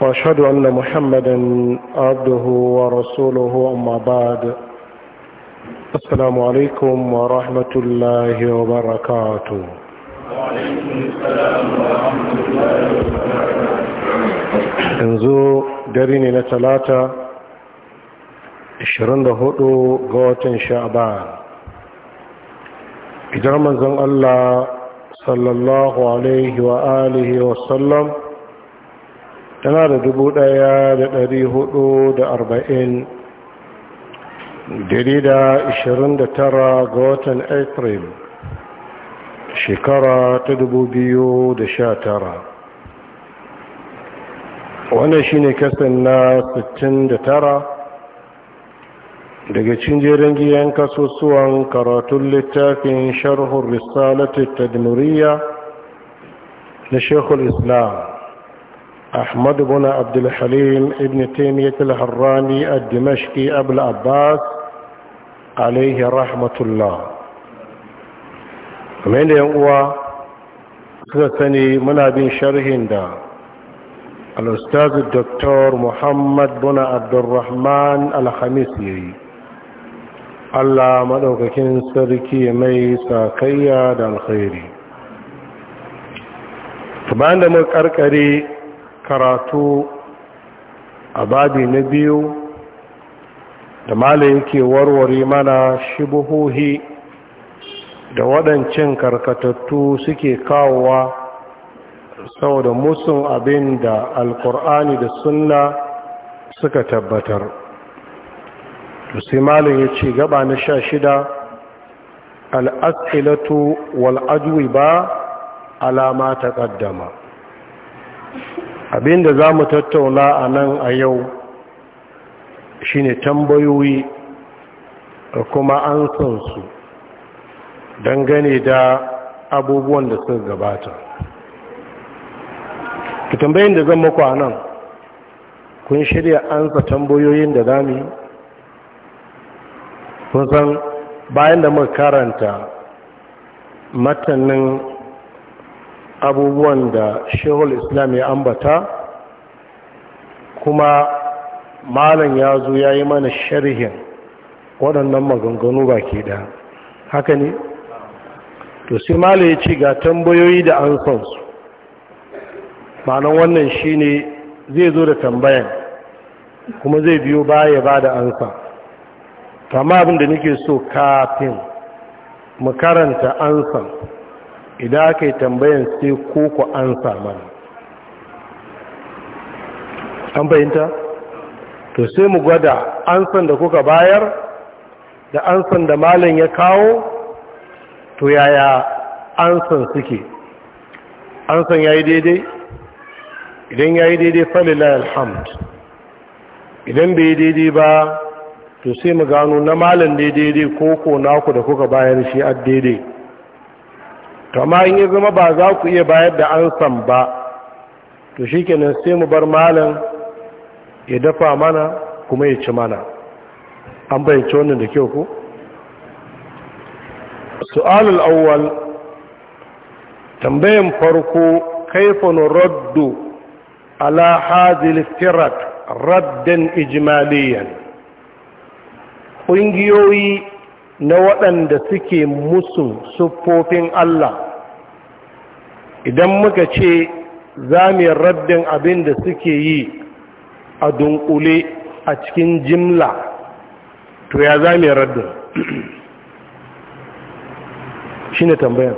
واشهد ان محمدا عبده ورسوله اما بعد السلام عليكم ورحمه الله وبركاته وعليكم السلام ورحمه الله وبركاته yanzu dare ne na talata 24 ga watan sha'ban idan manzon Allah sallallahu alaihi wa alihi wa sallam tana da dubu ɗaya da ɗari hudu da arba'in dari da ishirin da tara ga watan april shekara ta dubu biyu da sha tara wannan shine kasan na sittin da tara daga cinjerin giyan kasusuwan karatun littafin sharhun ta tadmuriya na shekul islam أحمد بن عبد الحليم ابن تيمية الهراني الدمشقي أبو العباس عليه رحمة الله من هو سني من بن شرهن دا الأستاذ الدكتور محمد بن عبد الرحمن الخميسي الله maɗaukakin sarki mai sakayya da alkhairi. bayan da mun karatu a babi na biyu da mala yake warware mana shibuhohi da waɗancin karkatattu suke kawowa saboda musun abin da alkur'ani da sunna suka tabbatar sai malin ya ce gaba na sha shida al'asilatu wal'ajuwi ba alama ta ƙaddama Abin da za mu tattauna a nan a yau shine tambayoyi da kuma an su dangane da abubuwan da suka gabata ki tambayin da zan muku a nan kun shirya ansa tambayoyin da za mu kun san bayan da muka karanta matanin abubuwan da shehul islam ya ambata kuma malam ya zo ya yi mana sharhin waɗannan maganganu ba ke da haka ne to sai malam ya ce ga tambayoyi da an san su ma'anan wannan shi ne zai zo da tambayan kuma zai biyo baya ba da ansa amma abin da nake so kafin mu karanta ansan idan aka yi tambayan sai ko ku an mana an fahimta to sai mu gwada an san da kuka bayar da an san da malin ya kawo to yaya an san suke an san ya yi daidai idan ya yi daidai falila alhamd idan bai yi daidai ba to sai mu gano na malin daidai ko ko naku da kuka bayar shi a daidai kama in ya zama ba za ku iya bayar da ansan ba to shi kenan sai mu bar malam ya dafa mana kuma ya ci mana an bayyance wannan da kyau ku su'alul awwal tambayan farko kaifan raddu ala hadhihi firat raddan ijmaliyan ƙungiyoyi na waɗanda suke musu siffofin Allah idan muka ce za mu rabin abin da suke yi a dunkule a cikin jimla to ya za mu raddin shi ne tambayan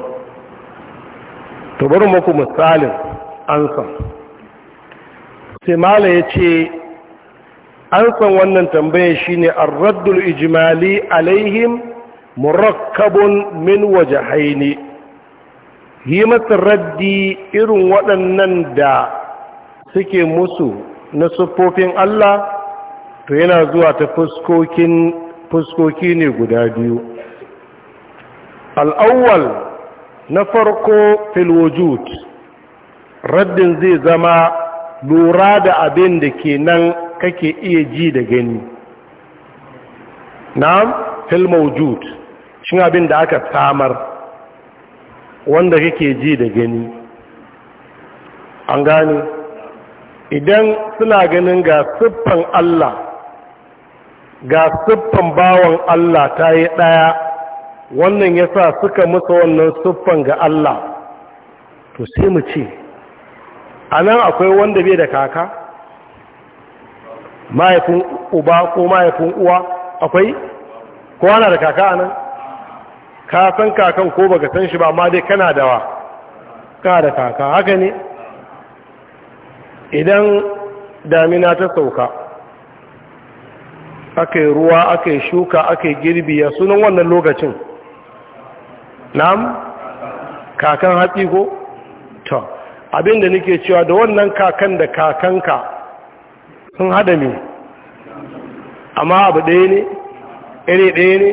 to bari muku misalin ansan sai mala ya ce san wannan tambayan shi ne an raddul ijimali alaihim murakkabun min waje haini yi masa raddi irin waɗannan da suke musu na siffofin Allah to yana zuwa ta fuskokin fuskoki ne guda biyu al'awwal na farko filwujud raddin zai zama lura da abin da ke nan kake iya ji da gani na filmawujud shi abin da aka samar wanda kake ji da gani an gani idan suna ganin ga siffan Allah ga siffan bawan Allah ta yi ɗaya wannan ya sa suka musa wannan siffan ga Allah to sai mu ce a nan akwai wanda bai da kaka mahaifin uba ko mahaifin uwa akwai kowa na da kaka a nan ka san kakan ko baka san shi ba amma dai kana da wa ka da kaka haka ne idan damina ta sauka aka ruwa aka shuka aka yi girbi ya sunan wannan lokacin na'am kakan hatsi ko to abinda nake cewa da wannan kakan da kakanka sun hada ne. amma abu ɗaya ne iri ɗaya ne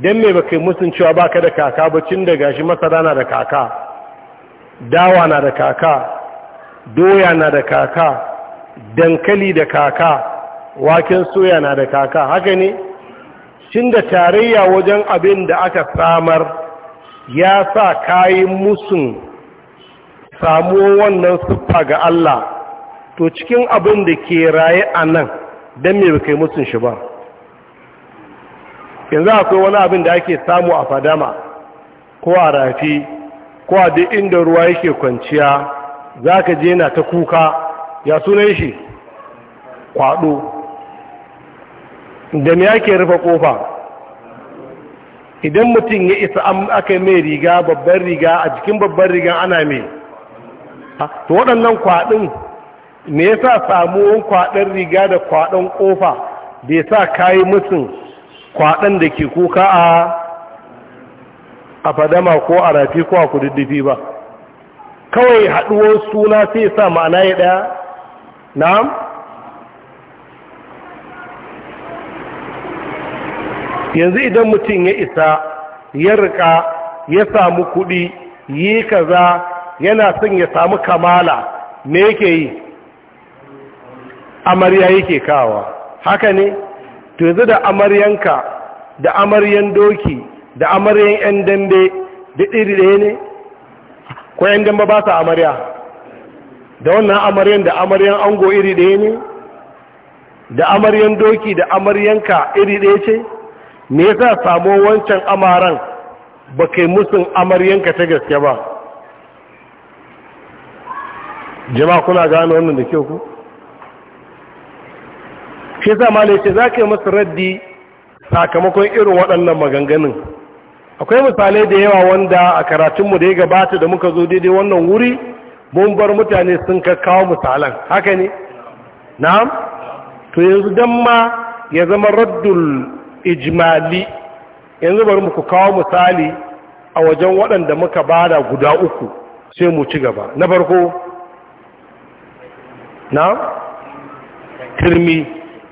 don mai baka yi musun cewa baka da kaka bacin da gashi masara na da kaka dawa na da kaka doya na da kaka dankali da kaka waken soya na da kaka haka ne cin da tarayya wajen abin da aka samar ya sa kayi musun samuwan wannan siffa ga Allah to cikin abin da ke raye a nan don me bakai yi musun shi ba yanzu akwai wani abin da ake samu a fadama ko a rafi ko a duk inda ruwa yake kwanciya za ka je na ta kuka ya sunan shi kwado da ne ake rufe kofa idan mutum ya isa an aka mai riga babban riga a jikin babban riga ana mai to waɗannan kwaɗin me sa samuwan kwaɗin riga da kwaɗin kofa bai sa kayi mutum kwaɗan da ke kuka a fadama ko a rafi ko a kududdufi ba kawai haɗuwar suna sai sa ma'ana ya ɗaya na'am yanzu idan mutum ya isa ya rika ya samu kuɗi yi kaza yana son ya samu kamala me yake yi amarya yake kawa haka ne to yanzu da amaryanka da amaryan doki da amaryan yan dambe da iri ɗaya ne ko yan dambe ba sa amarya da wannan amaryan da amaryan ango iri ɗaya ne da amaryan doki da amaryanka iri ɗaya ce me sa samu wancan amaran ba kai musun amaryanka ta gaske ba jama'a kuna gane wannan da kyau ku shi yasa malai ce za ka yi masu raddi sakamakon irin waɗannan maganganun akwai misalai da yawa wanda a karatunmu da ya gabata da muka zo daidai wannan wuri mun bar mutane sun ka kawo misalan haka ne na'am to yanzu dan ma ya zama raddul ijimali yanzu bari muku kawo misali a wajen waɗanda muka bada guda uku sai mu ci gaba na farko na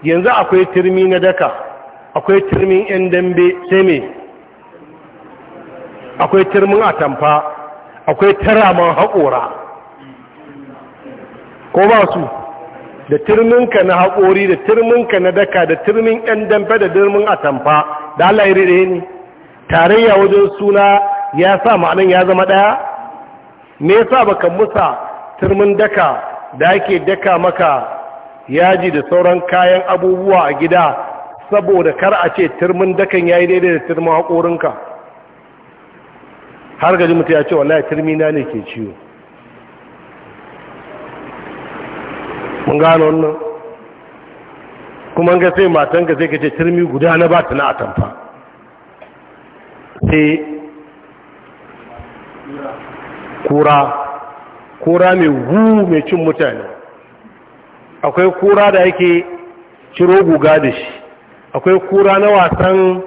yanzu akwai turmi na daka akwai turmin yan dambe sai me akwai turmin atamfa akwai taraman haƙora ko ba su da turminka na haƙori da turminka na daka da turmin yan dambe da turmin atamfa da Allah ya ne tarayya wajen suna ya sa ma'anin ya zama ɗaya me yasa baka musa turmin daka da ake daka maka yaji da sauran kayan abubuwa a gida saboda kar a ce turmin dakan yayi daidai da turmin haƙorinka har gaji mutu ya ce wallahi turmina ne ke ciwo mun gano wannan kuma ga sai matanka sai ka ce turmi guda na ba ta na atamfa sai kura kura mai gu mai cin mutane akwai kura da yake ciro guga da shi akwai kura na wasan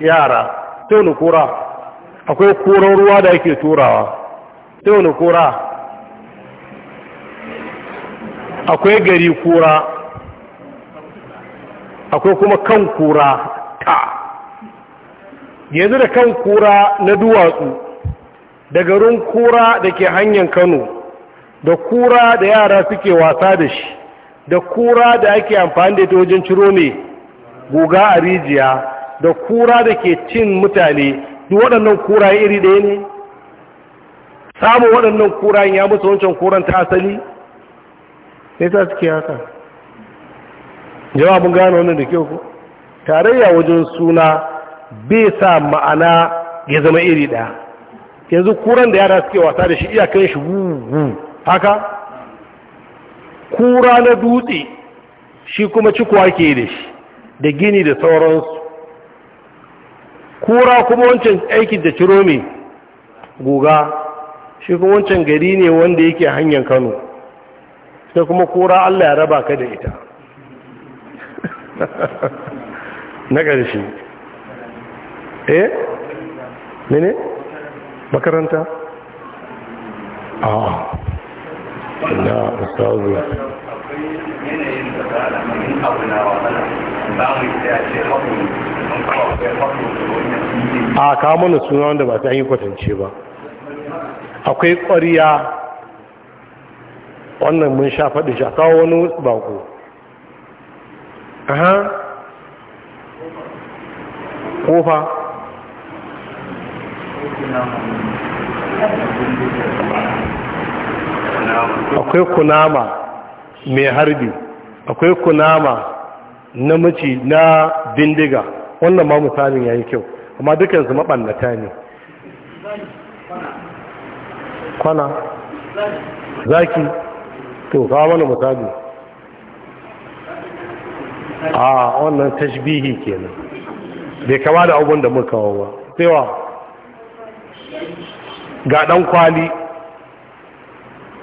yara sai wani kura akwai kuran ruwa da yake turawa sai wani kura akwai gari kura akwai kuma kan kura ta yanzu da kan kura na duwatsu da garin kura da ke hanyar kano da kura da yara suke wasa da shi da kura da ake amfani da ita wajen ciro mai guga a rijiya da kura da ke cin mutane duk waɗannan kura iri ɗaya ne samun waɗannan kura ya musu wancan kuran ta asali ne ta suke haka jawabin gano wannan da kyau ku tarayya wajen suna bai sa ma'ana ya zama iri ɗaya yanzu kuran da yara suke wasa da shi iyakan shi haka kura na dutse shi kuma cikuwa ke da shi da gini da sauransu kura kuma wancan aikin da ciro mai guga shi kuma wancan gari ne wanda yake hanyar kano sai kuma kura allah ya raba ka da ita na ƙarshe eh mene makaranta a na ustazu yanayin da a abu kawo a kawo mana suna wanda ba ta yi kwatance ba akwai ƙwariya wannan mun sha faɗi kawo wani bako aha akwai kunama mai harbi akwai kunama na maci na bindiga wannan ma misalin ya yi kyau amma dukansu maɓannata ne kwana zaki to kawo mana misali a wannan tashbihi kenan bai kama da abubuwan da muka kawo ba ga ɗan kwali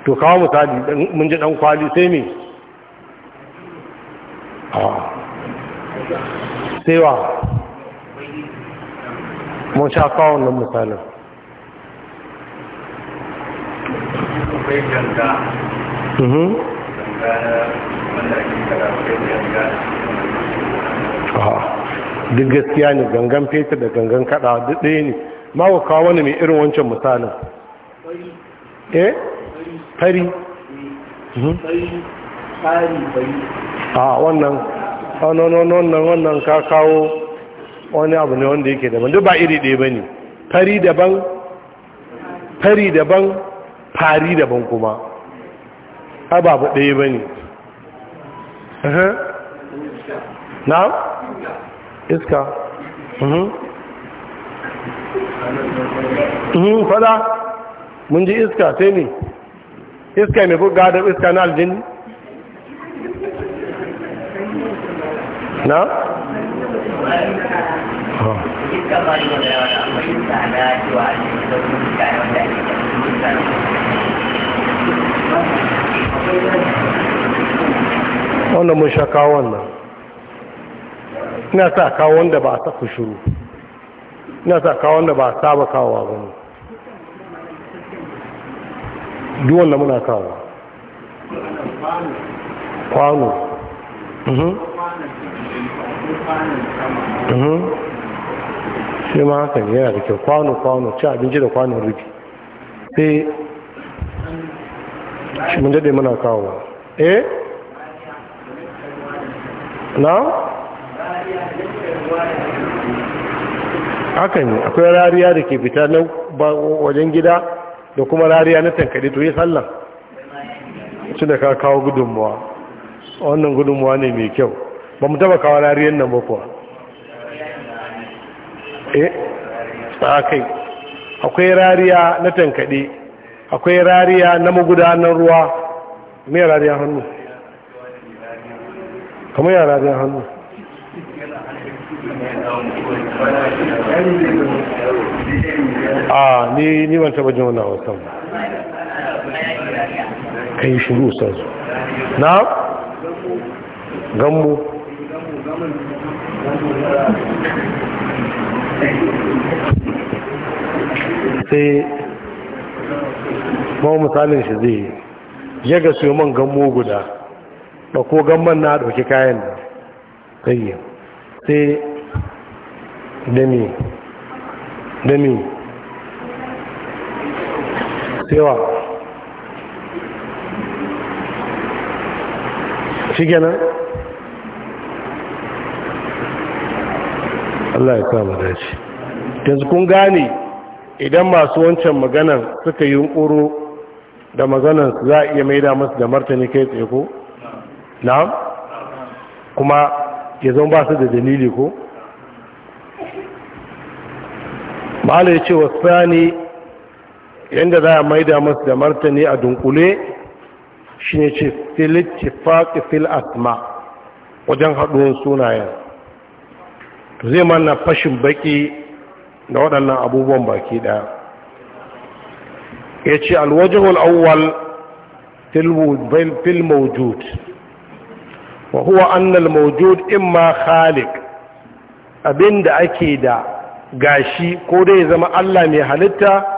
to kawo misali mun ji dan kwali sai me sai wa mun sha kawo nan misalin mhm. duk gaskiya ne gangan fetur da gangan kada duk ɗaya ne ma ku kawo wani mai irin wancan misalin eh kari mhm. a ah, wannan wannan oh, wannan ka kawo wani abu ne wanda yake daban duk ba iri ɗaya ba ne fari daban fari daban fari daban kuma ababu ɗaya ba ne na iska mhm. Mhm, fada mun ji iska sai ne iska mai buga da iska na aljini na? wannan mun sha kawo wannan ina sa kawo wanda ba a saka shuru ina sa kawo wanda ba a saba kawowa ba ne duk wanda muna kawo kwano mhm. Mhm. shi ma haka ne yana da kyau kwano kwano ci abinci da kwano rufi sai shi mun dade muna kawo eh na haka ne akwai rariya da ke fita na wajen gida da kuma rariya na tankari to yi sallan su da ka kawo gudunmuwa wannan gudunmuwa ne mai kyau ba mu taba kawo rariyan nan ba kuwa eh tsakai akwai rariya na tankade akwai rariya na magudanar ruwa mai rariya hannu kamar yara rariya hannu a ni ni ban taba jin wannan wasan yi shiru ustaz na gambo sai mawa misalin shi zai ya ga su man gambo guda da ko gamban na dauki kayan da kayyar sai dami dami yawa shi kenan Allah ya kama dace yanzu kun gane idan masu wancan maganan suka yi ƙuro da maganan za a iya maida masu da martani kai tsaye ko? na'am kuma ya zan ba su da dalili ko? ma'ala ya ce wasu sani yadda za a maida masu da martani a dunkule shi ne ce filittifaƙi fil asma wajen haɗuwan sunayen zai manna fashin baƙi da waɗannan abubuwan baki ɗaya ya ce alwajahul awwal fil mawjud wa huwa annal mawjud imma khaliq abinda ake da gashi ko dai zama Allah mai halitta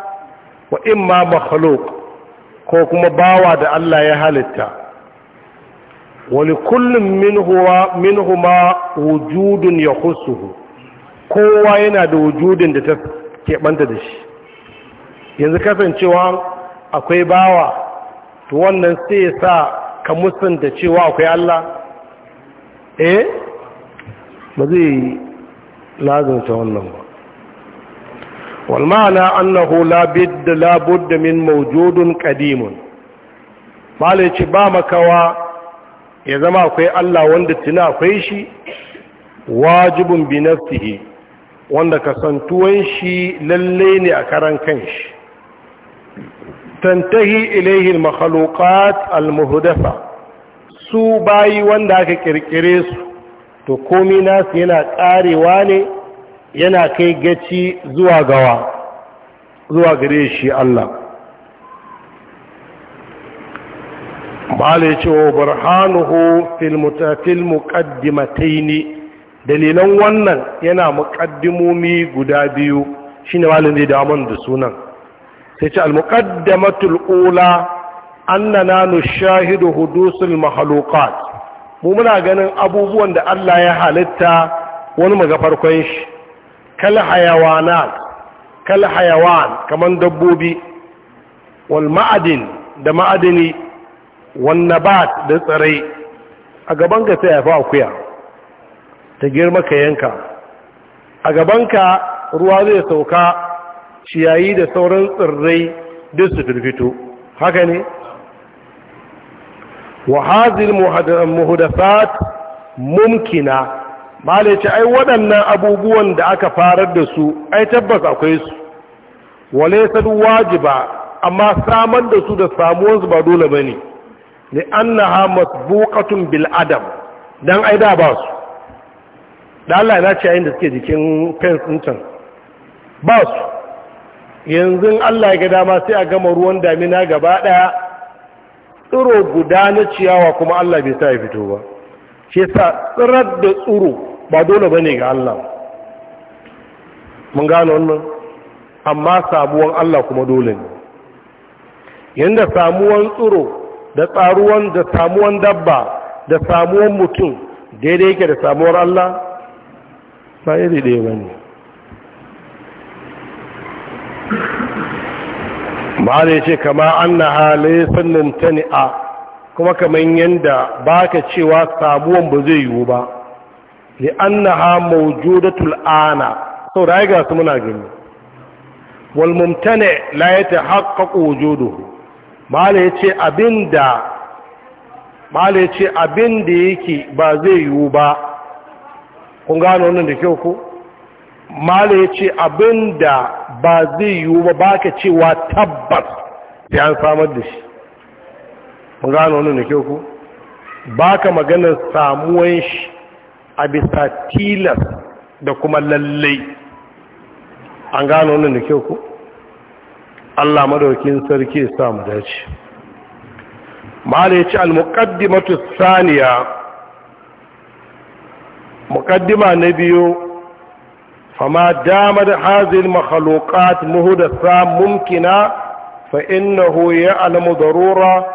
wa ma makhluk ko kuma bawa da Allah ya halitta wani kullum minhuma wujudun ya husuhu kowa yana da wujudin da ta keɓanta da shi yanzu kasancewa akwai bawa to wannan sai ya sa ka musanta cewa akwai Allah eh ba zai lazanta wannan ba والمعنى أنه لا بد لا بد من موجود قديم مالك با مكوا يا زما akwai Allah wanda tuna akwai shi Wajibin binafsi nafsihi wanda kasantuwan shi lallai ne a karan kan shi. tantahi ilayhi al-makhluqat al su bayi wanda aka kirkire su to komai nasu yana karewa ne yana kai gaci zuwa gawa zuwa gare shi Allah bala ce wa burhanuhu fil mutafil muqaddimataini dalilan wannan yana muqaddimomi guda biyu shine malami da mun da sunan sai ce al muqaddamatul ula annana nushahidu hudusul mahluqat mu muna ganin abubuwan da Allah ya halitta wani maga farkon shi kal hayawanat kal hayawan kaman dabbobi wal ma'adin da ma'adini wan nabat da tsirai a gaban ka sai ya fa akuya ta girma ka yanka a gaban ka ruwa zai sauka ciyayi da sauran tsirrai duk su firfito haka ne wa hazil muhdathat mumkina malaci ce ai waɗannan abubuwan da aka farar da su ai tabbas akwai su wale san wajiba amma samar da su da samuwarsu ba dole ba ne ne an na bil'adam don ai da ba su da Allah na ce da suke jikin fensin can ba su yanzu Allah ya ga dama sai a gama ruwan damina gaba ɗaya tsiro guda na ciyawa kuma Allah bai sa ya fito ba shi sa tsirar da tsiro ba dole ba ne ga Allah mun gano wannan amma samuwan Allah kuma dole ne Yadda samuwan tsoro da tsaruwan da samuwan dabba da samuwan mutum daidai yake da samuwar Allah ba iri ɗaya ba ne ba ne ce kama an na halaye sannan ta a, kuma kamar yadda ba ka cewa samuwan ba zai yiwu ba li annaha mawjudatul ana sau da ga su muna gani wal mumtani la yatahaqqaqu wujuduhu mala yace abinda mala yace abinda yake ba zai yiwu ba kun gano wannan da kyau ko mala yace abinda ba zai yiwu ba baka cewa tabbas sai an samar da shi kun gano wannan da kyau ko baka maganar samuwan shi a bisa tilas da kuma lallai an gano wannan da kyau ku Allah madaukin sarki ya samu dace mala al-muqaddimatu thaniya muqaddima na biyu فما دامت هذه المخلوقات مهدثة ممكنة فإنه يعلم ضرورة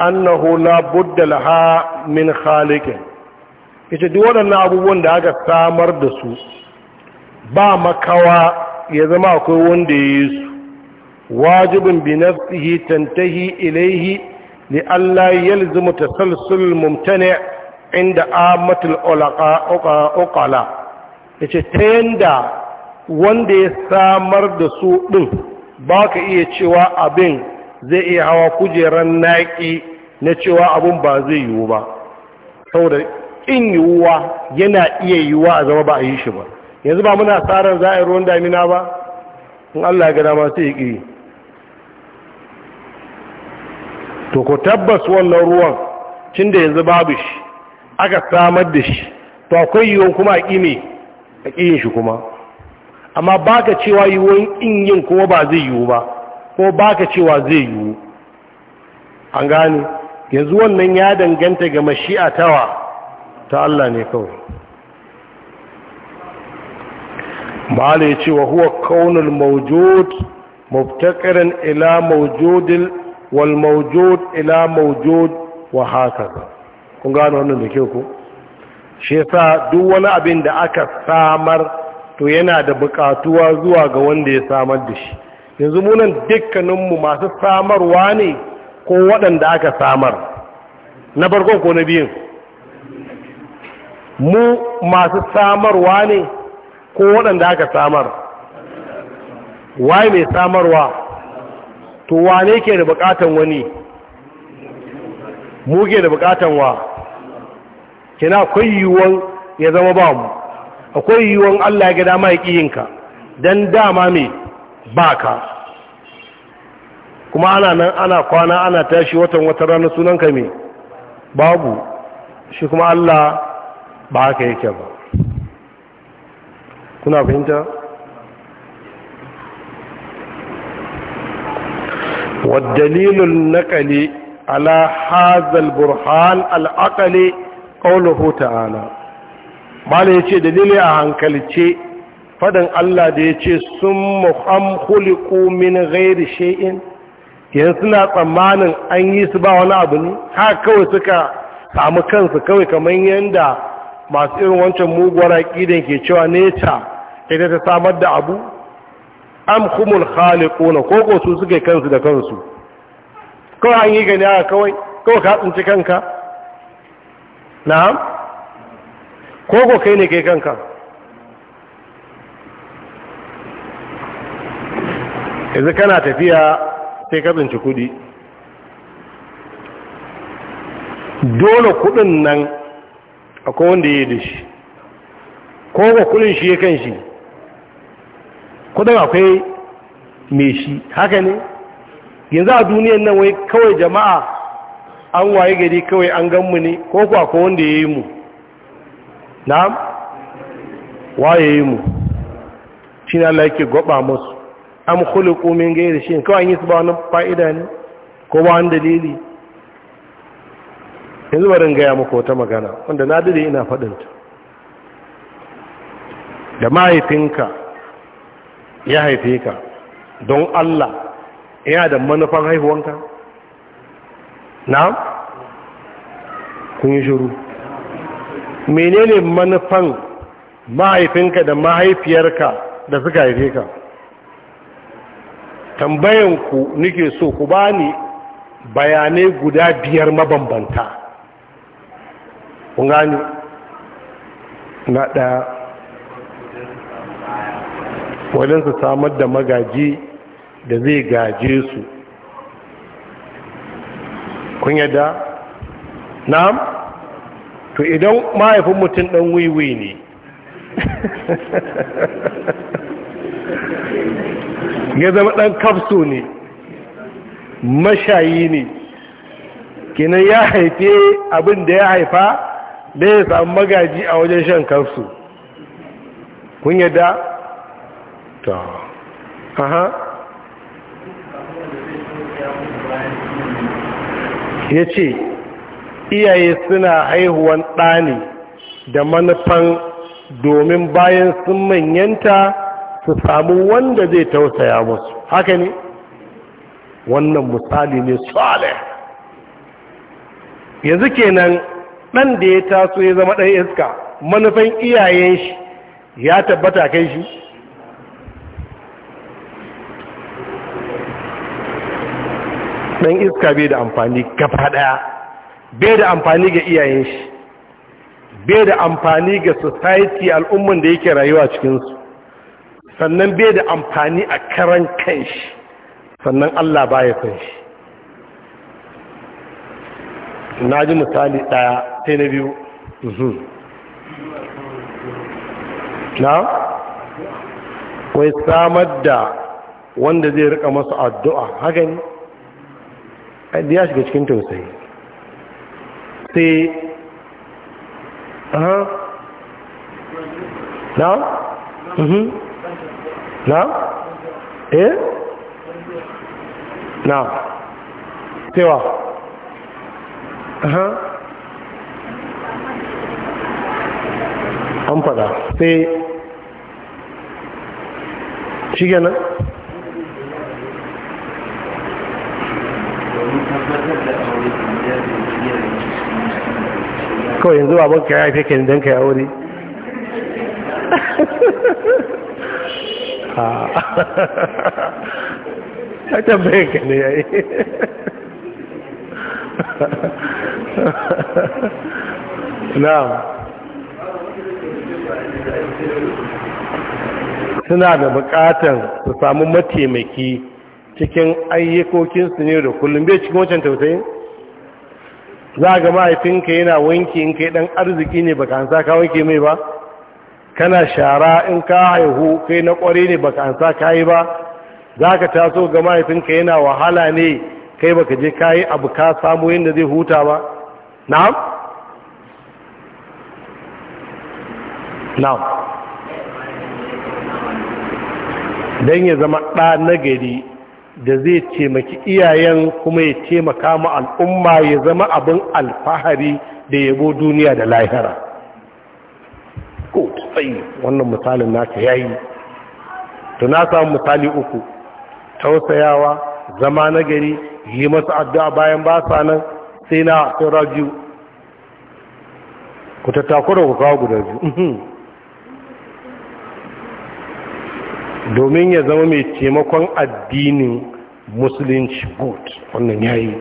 أنه لا بد لها من خالق yace duk waɗannan abubuwan da aka samar da su ba makawa ya zama akwai wanda ya yi su wajibin binafsihi tantahi ilaihi li Allah yalzimu tasalsul mumtani inda amatul uqala yace ta yanda wanda ya samar da su din baka iya cewa abin zai iya hawa kujeran naki, na cewa abin ba zai yiwu ba saboda ƙin yiwuwa yana iya yiwuwa a zama ba a yi shi ba yanzu ba muna tsarin za a yi ruwan damina ba in allah gada masu yi kiri to ku tabbas wannan ruwan cin da yanzu babu shi aka samar da shi to akwai yiwuwan kuma a ƙime a ƙiyin shi kuma amma ba ka cewa yiwuwan in yin kuma ba zai yiwu ba ko ba ka cewa zai yiwu an gane yanzu wannan ya danganta ga mashi'a tawa ta Allah ne kawai da ya ce wa huwa kaunar maujud ila maujudin wal maujud ila maujud wa hakaza kun gano wannan da ke ku? shi sa duk wani abin da aka samar to yana da bukatuwa zuwa ga wanda ya samar da shi yanzu munan dukkaninmu masu samarwa ne ko waɗanda aka samar na farkon ko na biyun mu masu samarwa ne ko waɗanda aka samar waye mai samarwa to wane ke da bukatan wani mu ke da bukatan wa kina akwai yiwuwan ya zama ba mu akwai yiwuwan Allah ya ga dama ya ƙiyinka don dama mai baka? kuma ana nan ana kwana ana tashi watan wata ranar sunanka me babu shi kuma Allah ba haka yake ba kuna fahimta والدليل النقلي ala هذا burhan العقلي قوله تعالى bala ya ce dalili a hankalce fadin Allah da ya ce sun muham huliku min gairi she'in yanzu suna tsammanin an yi su ba wani abu ne ha kawai suka samu kansu kawai kamar yadda masu irin wancan muguwar aƙidan ke cewa neta ita ta samar da abu am humul khaliquna ko su suke kansu da kansu kawai an yi gani a kawai kawai ka tsinci kanka na'am ko kai ne kai kanka yanzu kana tafiya sai ka tsinci kudi dole kudin nan akwai wanda ya yi da shi ko ga kudin shi ya kan shi kudin akwai mai shi haka ne yanzu a duniyan nan wai kawai jama'a an waye gari kawai an mu ne ko kuwa wanda ya yi mu na'am waye yi mu shi na Allah gwaba musu am khuluqu min ghayri shay'in kawai an yi su ba wani fa'ida ne ko ba wani dalili yanzu barin gaya muku wata magana wanda na dade ina faɗinta da mahaifinka ya haife ka don Allah yana da manufan haihuwanka na kun yi shuru menene manufan mahaifinka da mahaifiyarka da suka haife ka tambayanku nike so ku bani bayanai guda biyar mabambanta kun na ɗaya wajen samar da magaji da zai gaje su kun yadda na'am to idan mahaifin mutum ɗan wiwi ne ya zama ɗan kafso ne mashayi ne kenan ya haife abin da ya haifa da ya samu magaji a wajen shan kansu kun yadda ta aha ya ce iyaye suna haihuwan ɗani da manufan domin bayan sun manyanta su samu wanda zai tausaya musu haka ne wannan misali ne tsale yanzu kenan ɗan da ya taso ya zama ɗan iska manufan iyayen shi ya tabbata kai shi ɗan iska bai da amfani gaba ɗaya bai da amfani ga iyayen shi bai da amfani ga society al'umman da yake rayuwa cikinsu sannan bai da amfani a karan shi, sannan Allah baya shi. na ji misali ɗaya sai na biyu mhm. na wai samar da wanda zai rika masu addu'a haka ne ya shiga cikin tausayi sai na mhm. na eh na cewa an fada sai shi gana kawai yanzu ba ka ya haife don ka ah. ya wuri a ha ha ha ha ha na'am suna da bukatar su samu mataimaki cikin ayyukokinsu ne da kullum bai cikin wancan tausayin za ga mahaifinka yana wanki in kai dan arziki ne baka ansa ka wanke mai ba kana shara in ka haihu kai na kware ne baka ansa ka yi ba za ka taso ga mahaifinka yana wahala ne kai baka je ka yi abu ka samu yadda zai huta ba na'am na'am don ya zama ɗa nagari da zai taimaki iyayen kuma ya taimaka ma al'umma ya zama abin alfahari da yabo duniya da lahira ko tsayi wannan misalin naka yayi to na samu misali uku tausayawa zama nagari yi masu addu'a bayan ba sa nan sai na saura biyu ku tattakura ku kawo guda biyu domin ya zama mai taimakon addinin musulunci good wannan ya yi.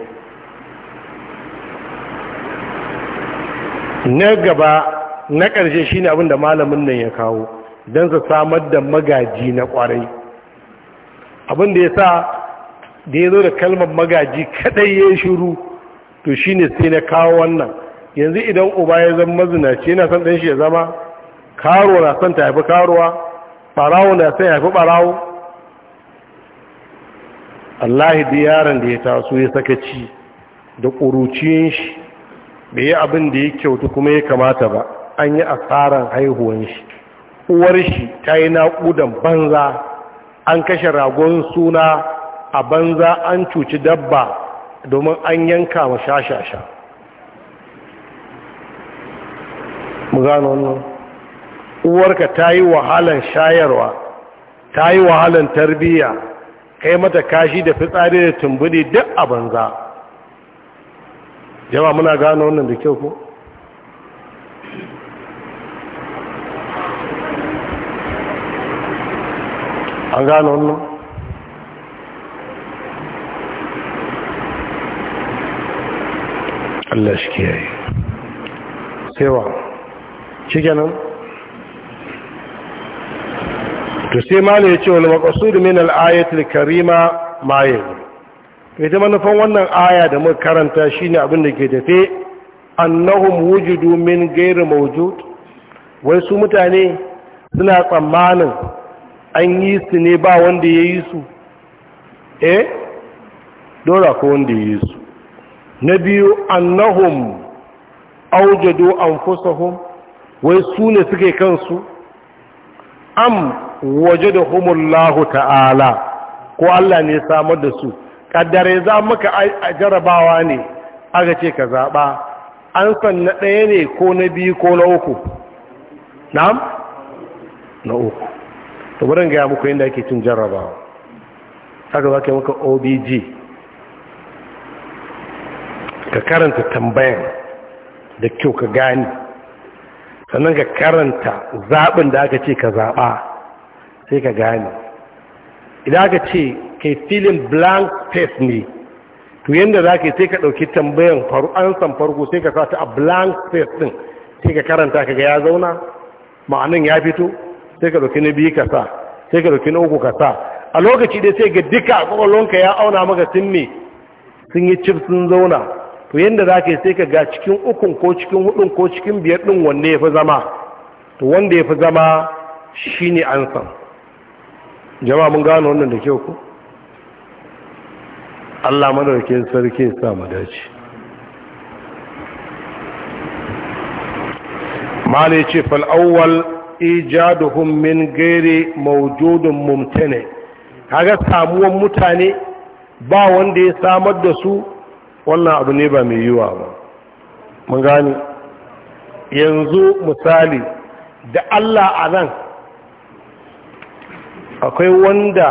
na gaba na ƙarshe shi ne abinda malamin nan ya kawo don su samar da magaji na ƙwarai abinda ya sa da ya zo da kalmar magaji kadai ya shuru to ne sai na kawo wannan yanzu idan uba ya zama mazinaci yana son ɗanshi ya zama karo na son ta haifi karuwa ɓarawo na son ya haifi ɓarawo allahi da yaron da ya taso ya saka ci da ƙuruciyin shi bai yi abin da ya kyautu kuma ya kamata ba an yi asaran haihuwan shi uwar shi ta yi naƙudan banza an kashe ragon suna a banza an cuci dabba domin an yanka wa shashasha mu gano wannan uwarka ta yi wahalan shayarwa ta yi wahalan tarbiyya kai mata kashi da fitsari da tumbuli duk a banza jama muna gano wannan da kyau ko an gano wannan Allah shi kiyaye Sewa, shi to sai malu ya ce wani makasudu min al'ayat karima maye ita manufan wannan aya da muka karanta shine abin da ke tafe annahum wujudu min gairu mawjud wai su mutane suna tsammanin an yi su ne ba wanda ya yi su eh dora ko wanda ya yi su na biyu annahum aujadu anfusahum wai su ne suke kansu am waje da wajadahumullahu ta'ala ko Allah ne samar da su kaddare za maka jarabawa ne aka ce ka zaɓa an san na ɗaya ne ko na biyu ko na uku na'am na uku to wurin gaya muku inda ake cin jarabawa aka za yi maka obg ka karanta tambayan da kyau ka gani sannan ka karanta zaɓin da aka ce ka zaɓa sai ka gane idan aka ce kai filin blank face ne to yadda za ka yi sai ka ɗauki tambayan faru an san farko sai ka sata a blank face ɗin sai ka karanta ka ga ya zauna ma'anin ya fito sai ka ɗauki na biyu ka sa sai ka ɗauki na uku ka sa a lokaci dai sai ga duka a ƙwaƙwalonka ya auna maka sun me sun yi cif sun zauna to yadda za ka yi sai ka ga cikin ukun ko cikin hudun ko cikin biyar ɗin wanne ya fi zama to wanda ya fi zama shi ne an san jama'a mun gano wannan da kyau ku allah madarkin sarki ya sa mu dace malai ce fal'awwal ijaduhum min gairi maujudun mumtane kaga samuwan mutane ba wanda ya samar da su wannan abu ne ba mai yiwa ba mun gani yanzu misali da Allah a nan akwai wanda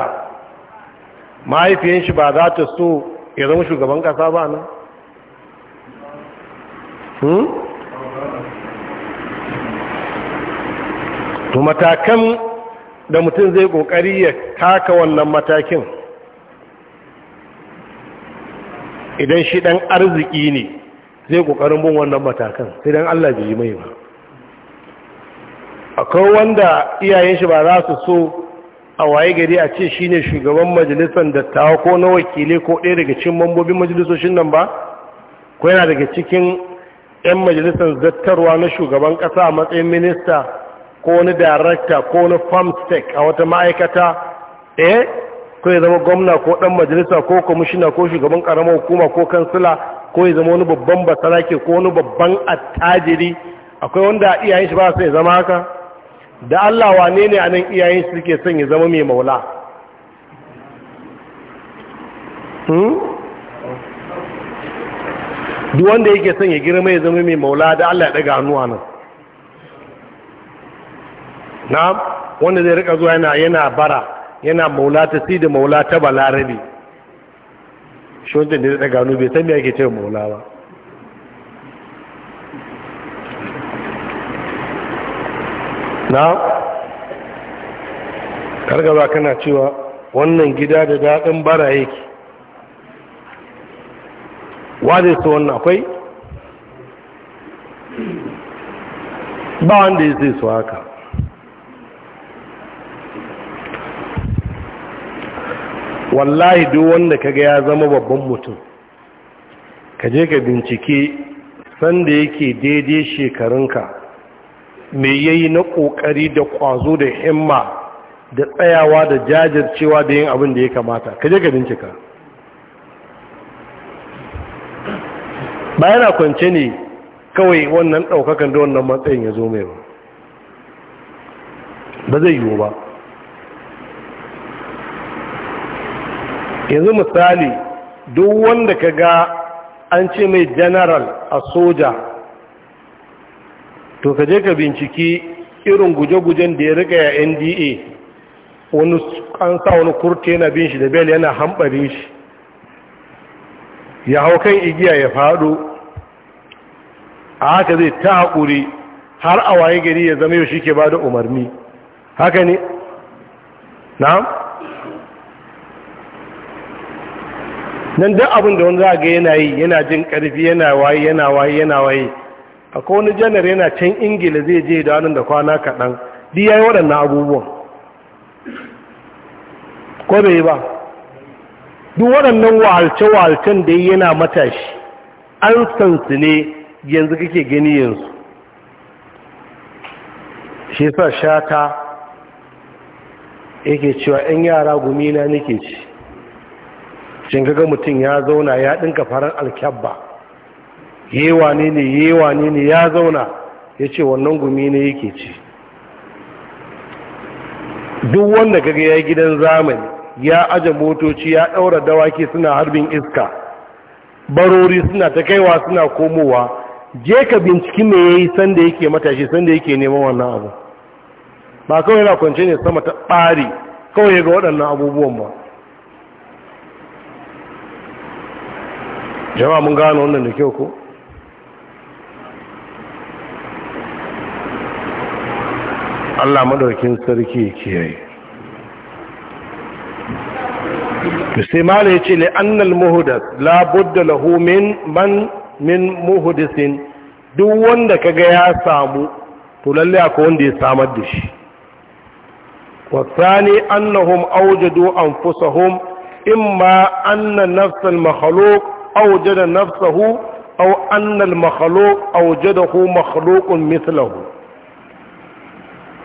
mahaifiyarshi ba za ta so ya zama shugaban kasa ba nan hmm? matakan da mutum zai kokari ya taka wannan matakin idan shi ɗan arziki ne zai ƙoƙarin bin wannan matakan sai dan Allah bai yi mai ba akwai wanda iyayen shi ba za su so a waye gari a ce shi ne shugaban majalisar dattawa ko na wakilai ko ɗaya daga cikin mambobin majalisoshin nan ba ko yana daga cikin 'yan majalisar zattarwa na shugaban ƙasa a matsayin minista ko wani darakta ko wani farmstech a wata ma'aikata eh ko ya zama gwamna ko dan majalisa ko kwamishina ko shugaban karamar hukuma ko kansila ko ya zama wani babban basarake ko wani babban attajiri akwai wanda iyayen shi ba su ya zama haka da Allah wane ne a nan iyayen shi suke son ya zama mai maula hmm? duk wanda yake son ya girma ya zama mai maula da Allah ya daga hannuwa nan na wanda zai rika zuwa yana bara yana maula ta si da maula ta balarabi, shi da ya gano bai san ake cewa maula ba na kargaba kana cewa wannan gida da daɗin bara yake wa su wannan akwai ba wanda ya zai su haka wallahi duk wanda kaga ya zama babban mutum ka je ka bincike sanda yake daidai shekarunka me yayi na kokari da kwazo da himma da tsayawa da jajircewa da yin abin da ya kamata ka je ka bincika bayan akwance kwance ne kawai wannan ɗaukakan da wannan matsayin ya zo mai ba ba zai yiwu ba yanzu misali duk wanda ka ga an ce mai general a soja to ka je ka binciki irin guje-gujen da ya rika ya nda wani an sa wani kurta yana bin shi da bel yana hambare shi ya hau kan igiya ya faɗo a haka zai ta haƙuri har a waye gari ya zama yau shi ke ba da umarni haka ne na Nan duk abin da wani za ga yana yi yana jin karfi yana waye yana waye yana waye akwai wani janar yana can ingila zai je da da kwana kaɗan duk ya yi waɗannan abubuwan ko bai ba duk waɗannan wahalce-wahalcen da yana matashi an san ne yanzu kake gani yanzu shi sa shata yake cewa 'yan yara gumina nake ci cin kaga mutum ya zauna ya ɗinka farar alkyabba yewa ne ne yewa ne ne ya zauna ya ce wannan gumi ne yake ci duk wanda kaga ya gidan zamani ya aje motoci ya ɗaura dawaki suna harbin iska barori suna ta kaiwa suna komowa je ka binciki me ya yi sanda yake matashi sanda yake neman wannan abu ba kawai yana kwance ne sama ta ɓari kawai ga waɗannan abubuwan ba jama'a mun gano wannan da kyau ko Allah madaukin sarki kiyaye to sai mala yace la annal muhdath la budda lahu min man min muhdisin duk wanda kaga ya samu to lalle akwai wanda ya samar da shi tsani annahum awjadu anfusahum imma anna nafsal makhluq awjada نفسه أو أن المخلوق makhluq awjadahu makhluqun mithluhu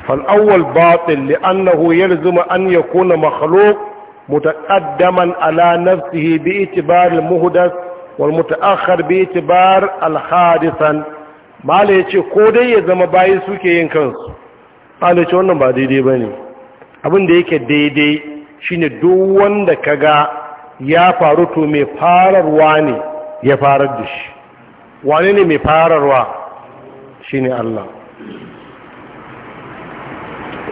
فالأول باطل لأنه يلزم أن يكون مخلوق متقدما على نفسه باعتبار المهدس والمتأخر باعتبار الحادثا ما ليش كودي يزم بايسو كي ينكنس قال ليش ونبا ba daidai bane abin da yake daidai shine duk wanda ya faru to mai fararwa ne ya farar da shi wani ne mai fararwa shi ne Allah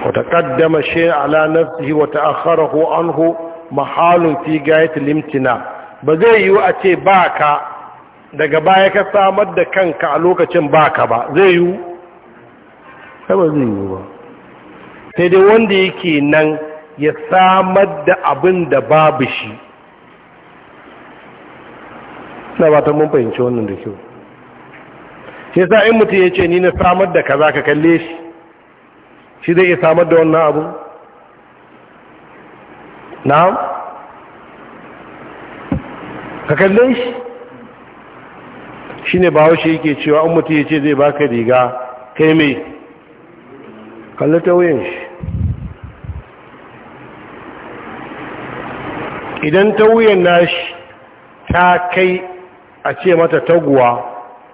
wata kaddama shi ala nafsihi wata akharahu anhu mahalun fi gayatul limtina ba zai yiwu a ce baka daga baya ka samar da kanka a lokacin baka ba zai yiwu ba zai yiwu ba sai dai wanda yake nan ya samar da abin da babu shi na ba ta mun fahimci wannan da kyau shi sa in mutum ya ce ni na samar da kaza ka kalle shi shi zai iya samar da wannan abu na'am ka kalle shi shi ne bawo shi yake cewa an mutum ya ce zai baka riga kai mai kalli ta wuyan shi idan ta wuyan nashi ta kai a ce mata taguwa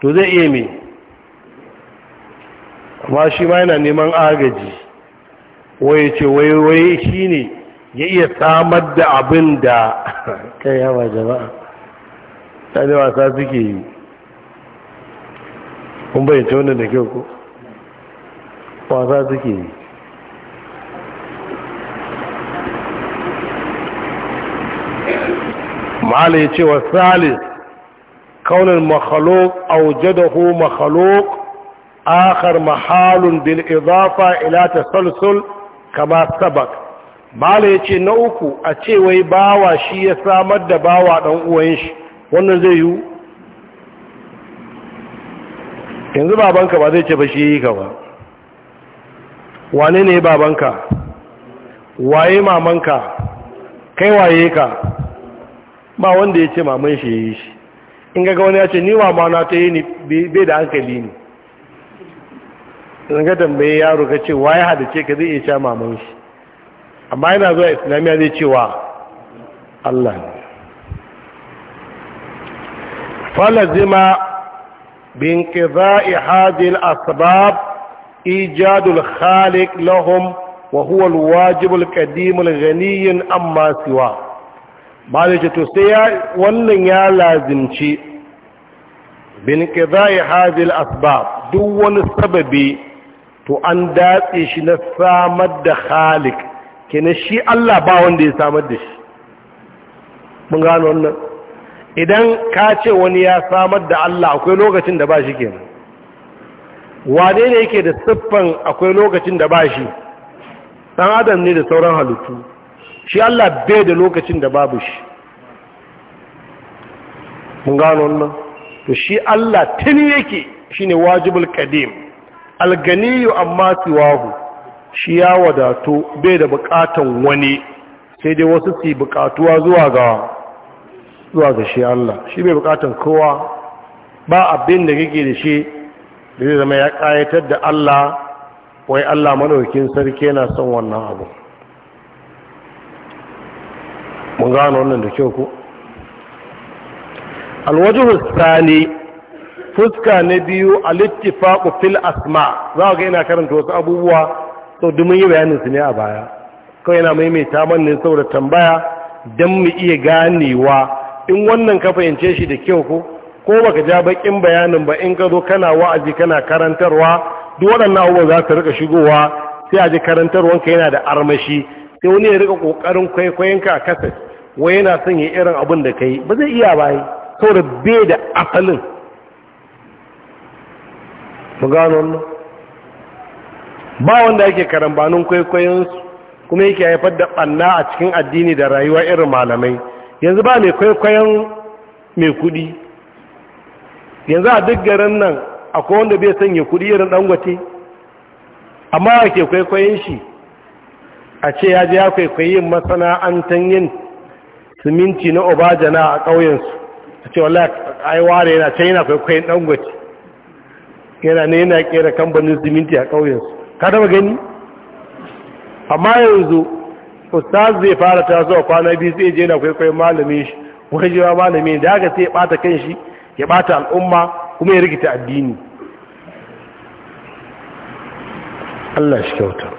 to zai iya mai amma shi ma yana neman agaji waye ce waye shi ne ya iya samar da abin da kai yawa jama'a ta ne wasa suke yi kun bayyance wannan da kyau ko wasa suke yi ma'ala ya ce wa salis كون المخلوق أوجده مخلوق آخر محال بالإضافة إلى تسلسل كما سبق bala ya ce na uku a ce wai bawa shi ya samar da bawa ɗan uwan shi wannan zai yiwu yanzu babanka ba zai ce ba shi yi ka ba wane ne babanka waye mamanka kai waye ka ba wanda ya ce maman shi ya yi shi in ga wani ya ce ni wa mana ta yi ni bai da hankali ne zanga tambaye yaro ka ce wa ya hada ce ka zai iya sha maman shi amma yana zuwa islamiyya zai ce wa Allah ne falazima bin kiza'i hadil asbab ijadul khaliq lahum wa huwa alwajibul qadimul ghaniyyin amma siwa ba da ce to sai ya wannan ya lazimci bin kizai hadil asbab duk wani sababi to an datse shi na samar da khalik kina shi Allah ba wanda ya samar da shi mun gano wannan idan ka ce wani ya samar da Allah akwai lokacin da ba shi kenan wane ne yake da siffan akwai lokacin da ba shi dan adam ne da sauran halittu shi Allah bai da lokacin da babu shi mun gano wannan to shi Allah tuni yake shine wajibul qadim alganiyu amma siwahu shi ya wadato bai da bukatan wani sai dai wasu su bukatuwa zuwa ga zuwa ga shi Allah shi bai bukatun kowa ba abin da kake da shi da zai zama ya kayatar da Allah wai Allah madaukakin sarki yana son wannan abu kun gano wannan da kyau ku alwajihu tsani fuska na biyu alittifaqu fil asma za ga ina karanta wasu abubuwa sau dumin yi bayanin su ne a baya kawai yana maimaita man saboda tambaya don mu iya ganewa in wannan ka fahimce shi da kyau ko ko baka ja bakin bayanin ba in ka zo kana wa'azi kana karantarwa duk waɗannan abubuwa za su rika shigowa sai a ji karantarwanka yana da armashi sai wani ya rika ƙoƙarin kwaikwayonka a kasar wai yana son ya irin abin da ka yi ba zai iya ba yi saboda bai da asalin mu gano wannan ba wanda yake karambanin su kuma yake haifar da ɓanna a cikin addini da rayuwa irin malamai yanzu ba mai kwaikwayon mai kuɗi yanzu a duk garin nan akwai wanda bai sanya kuɗi irin dangote amma ake kwaikwayon shi a ce ya je ya kwaikwayin masana'antar yin siminti na obajana a ƙauyensu a ce a ai ware yana can yana kwaikwayon ɗangwaci yana ne yana kera kamfanin siminti a ƙauyensu ka taba gani amma yanzu ustaz zai fara zuwa kwana biyu sai je na kwaikwayon malamin shi wani jiwa malamin da aka sai ya ɓata kan shi ya ɓata al'umma kuma ya rikita addini Allah shi kyauta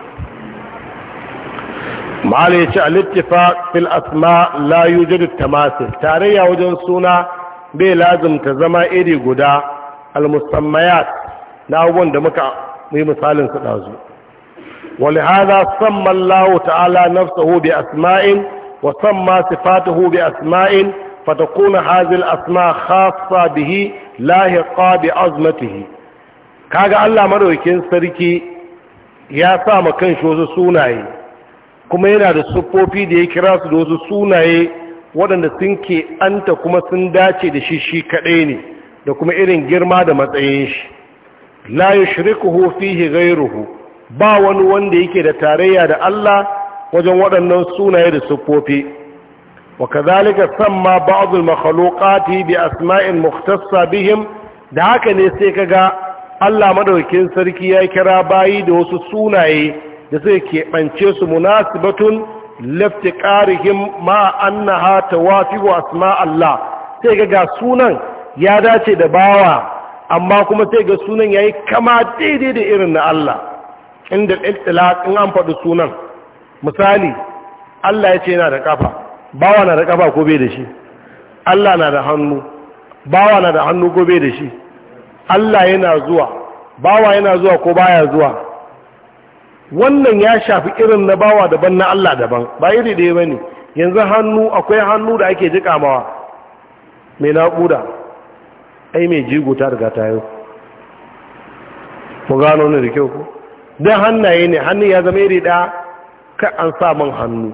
mala ya ce alittifa fil asma la yujadu tamasil tarayya wajen suna bai ta zama iri guda almusammayat na abubuwan da muka yi misalin su ɗazu wali haza samman Allah ta'ala nafsahu bi asma'in wa samma sifatahu bi asma'in fatakuna hazil asma khassa bihi lahiqa bi azmatihi kaga Allah madaukin sarki ya sa ma kan shi wasu sunaye kuma yana da siffofi da ya kira su da wasu sunaye waɗanda sun ke anta kuma sun dace da shi shi kaɗai ne da kuma irin girma da matsayin shi la yushrikuhu fihi ghayruhu ba wani wanda yake da tarayya da Allah wajen waɗannan sunaye da siffofi wa kazalika samma badul al-makhluqati bi asma'in mukhtassa bihim da haka ne sai kaga Allah madaukakin sarki ya kira bayi da wasu sunaye da zai keɓance su munasibatun laftiƙarihim ma annaha tawafiqu asma Allah sai ga ga sunan ya dace da bawa amma kuma sai ga sunan ya yi kama daidai da irin na Allah inda iltilaq in an faɗi sunan misali Allah ya ce yana da ƙafa. bawa na da ƙafa ko bai da shi Allah na da hannu bawa na da hannu ko bai da shi Allah yana zuwa bawa yana zuwa ko baya zuwa wannan ya shafi irin na bawa daban na Allah daban ba iri ɗaya ba ne yanzu hannu akwai hannu da ake jiƙa mawa mai naƙuda ai mai jigo ta riga ta yau ku gano ne da kyau ku don hannaye ne hannun ya zama iri ɗaya ka an sa man hannu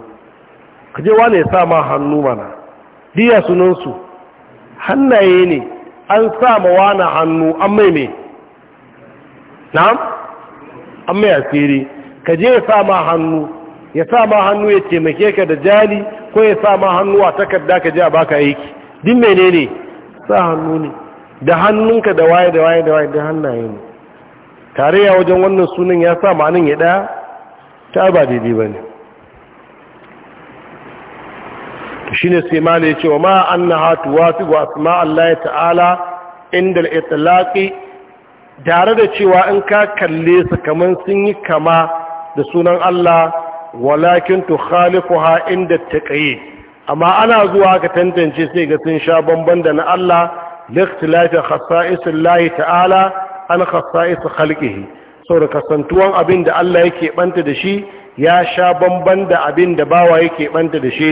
ka je wane ya sa ma hannu mana diya sunansu hannaye ne an sa ma wana hannu an mai mai na'am an mai asiri ka je ya sa ma hannu ya sa ma hannu ya taimake ka da jali ko ya sa ma hannu a takarda ka je a baka aiki din menene sa hannu ne da hannunka da waye da waye da waye da hannaye ne Tare ya wajen wannan sunan ya sa ma nan ya ɗaya ta ba daidai ba ne shi ne sai ma ya ce wa ma'an na hatu wasu wa asma Allah ya ta'ala inda al'italaƙi tare da cewa in ka kalle su kamar sun yi kama da sunan Allah walakin tu khalifuha inda taqayyid amma ana zuwa ka tantance sai ga sun sha bamban da na Allah likhtilafi khasa'isillahi ta'ala an khasa'is khalqihi saboda kasantuwan abin da Allah yake banta da shi ya sha bamban da abin da bawa yake banta da shi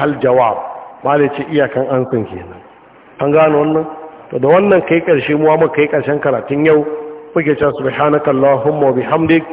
hal jawab malice iyakan an san kenan an gano wannan to da wannan kai karshe mu amma kai karshen karatun yau muke cewa subhanakallahumma wa bihamdika